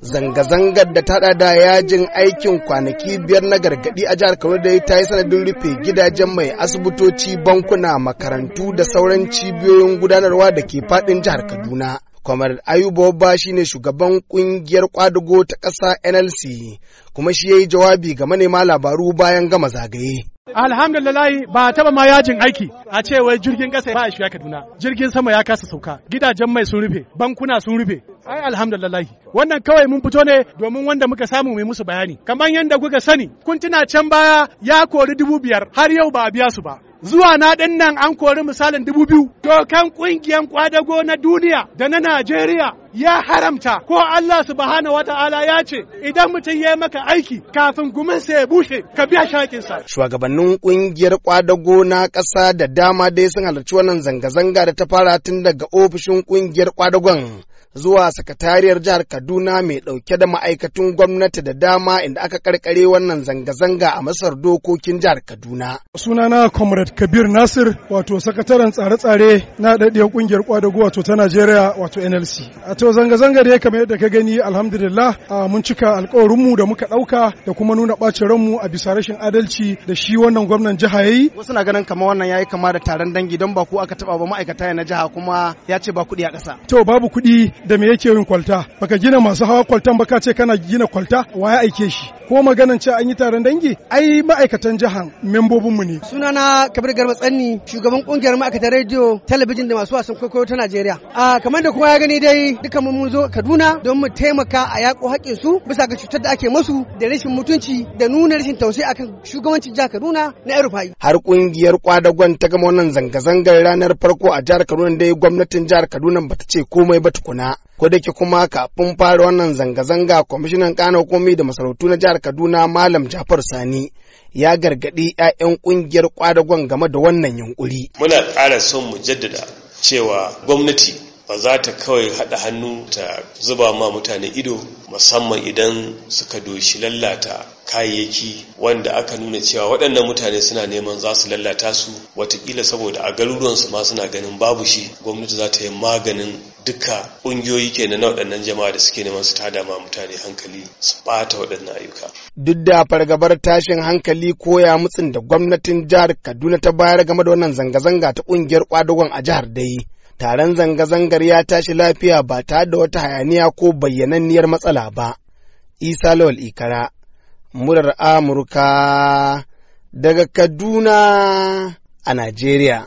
zanga-zangar da ta da yajin aikin kwanaki biyar na gargadi a jihar Kano dai ta yi sanadin rufe gidajen mai asibitoci bankuna makarantu da sauran cibiyoyin gudanarwa da ke faɗin jihar Kaduna Kwamar Ayuba ba shi ne shugaban kungiyar kwadugo ta ƙasa NLC kuma shi ya yi jawabi ga manema labaru bayan gama zagaye. Alhamdulillah ba taba ma yajin aiki a ce wai jirgin ƙasa ba a shiga Kaduna jirgin sama ya kasa sauka gidajen mai sun rufe bankuna sun rufe ai alhamdulillah wannan kawai mun fito ne domin wanda muka samu mai musu bayani kamar yadda kuka sani kun tuna can baya ya kori dubu biyar har yau ba a biya su ba zuwa na ɗin nan an kori misalin dubu biyu dokan ƙungiyar kwadago na duniya da na najeriya ya haramta ko Allah subhanahu wata'ala ya ce idan mutum ya maka aiki kafin gumin sa ya bushe ka biya shakinsa. Shugabannin ƙungiyar ƙwadago na ƙasa da dama dai sun halarci wannan zanga-zanga da ta fara tun daga ofishin ƙungiyar kwadagon zuwa sakatariyar jihar Kaduna mai ɗauke da ma'aikatun gwamnati da dama inda aka karkare wannan zanga-zanga a masar dokokin jihar Kaduna. na Comrade Kabir Nasir wato sakataren tsare-tsare na daɗiyar ƙungiyar kwadago wato ta Najeriya wato NLC. A to zanga-zanga da ya kamar yadda ka gani alhamdulillah mun cika alƙawarinmu da muka ɗauka da kuma nuna ɓacin ranmu a bisa rashin adalci da shi wannan gwamnan jiha ya yi. Wasu na ganin kamar wannan ya yi kama da taron dangi don ba ku aka taɓa ba ma'aikata na jiha kuma ya ce ba kuɗi a ƙasa. To babu kuɗi da me yake yin kwalta baka gina masu hawa kwaltan ba ka ce kana gina kwalta wa ya aike shi ko maganan ce an yi taron dangi ai ma'aikatan jihar membobinmu ne sunana kabir garba tsanni shugaban kungiyar ma'aikatan rediyo talabijin da masu wasan kwaikwayo ta najeriya a kamar da kuma ya gani dai duka mun zo kaduna don mu taimaka a yaƙo haƙƙin su bisa ga cutar da ake masu da rashin mutunci da nuna rashin tausayi akan shugabancin jihar kaduna na erufai har kungiyar kwadagon ta gama wannan zanga-zangar ranar farko a jihar kaduna dai gwamnatin jihar kaduna bata ce komai ba tukuna ko da kuma kafin fara wannan zanga-zanga kwamishinan kana hukumi da masarautu na jihar kaduna malam jafar sani ya gargaɗi 'ya'yan ƙungiyar kwadagon game da wannan yunkuri muna ƙara son mu jaddada cewa gwamnati ba za ta kawai haɗa hannu ta zuba ma mutane ido musamman idan suka doshi lallata kayayyaki wanda aka nuna cewa waɗannan mutane suna neman za su lallata su watakila saboda a garuruwansu ma suna ganin babu shi gwamnati za ta yi maganin duka ƙungiyoyi ke na waɗannan jama'a da suke neman su tada ma mutane hankali su ɓata waɗannan ayyuka. Duk da fargabar tashin hankali koya ya mutsin da gwamnatin jihar Kaduna ta bayar game da wannan zanga-zanga ta ƙungiyar ƙwadagon a jihar dai. Taron zanga-zangar ya tashi lafiya ba tare da wata hayaniya ko bayyananniyar matsala ba. Isa Lawal Ikara, murar Amurka daga Kaduna a Najeriya.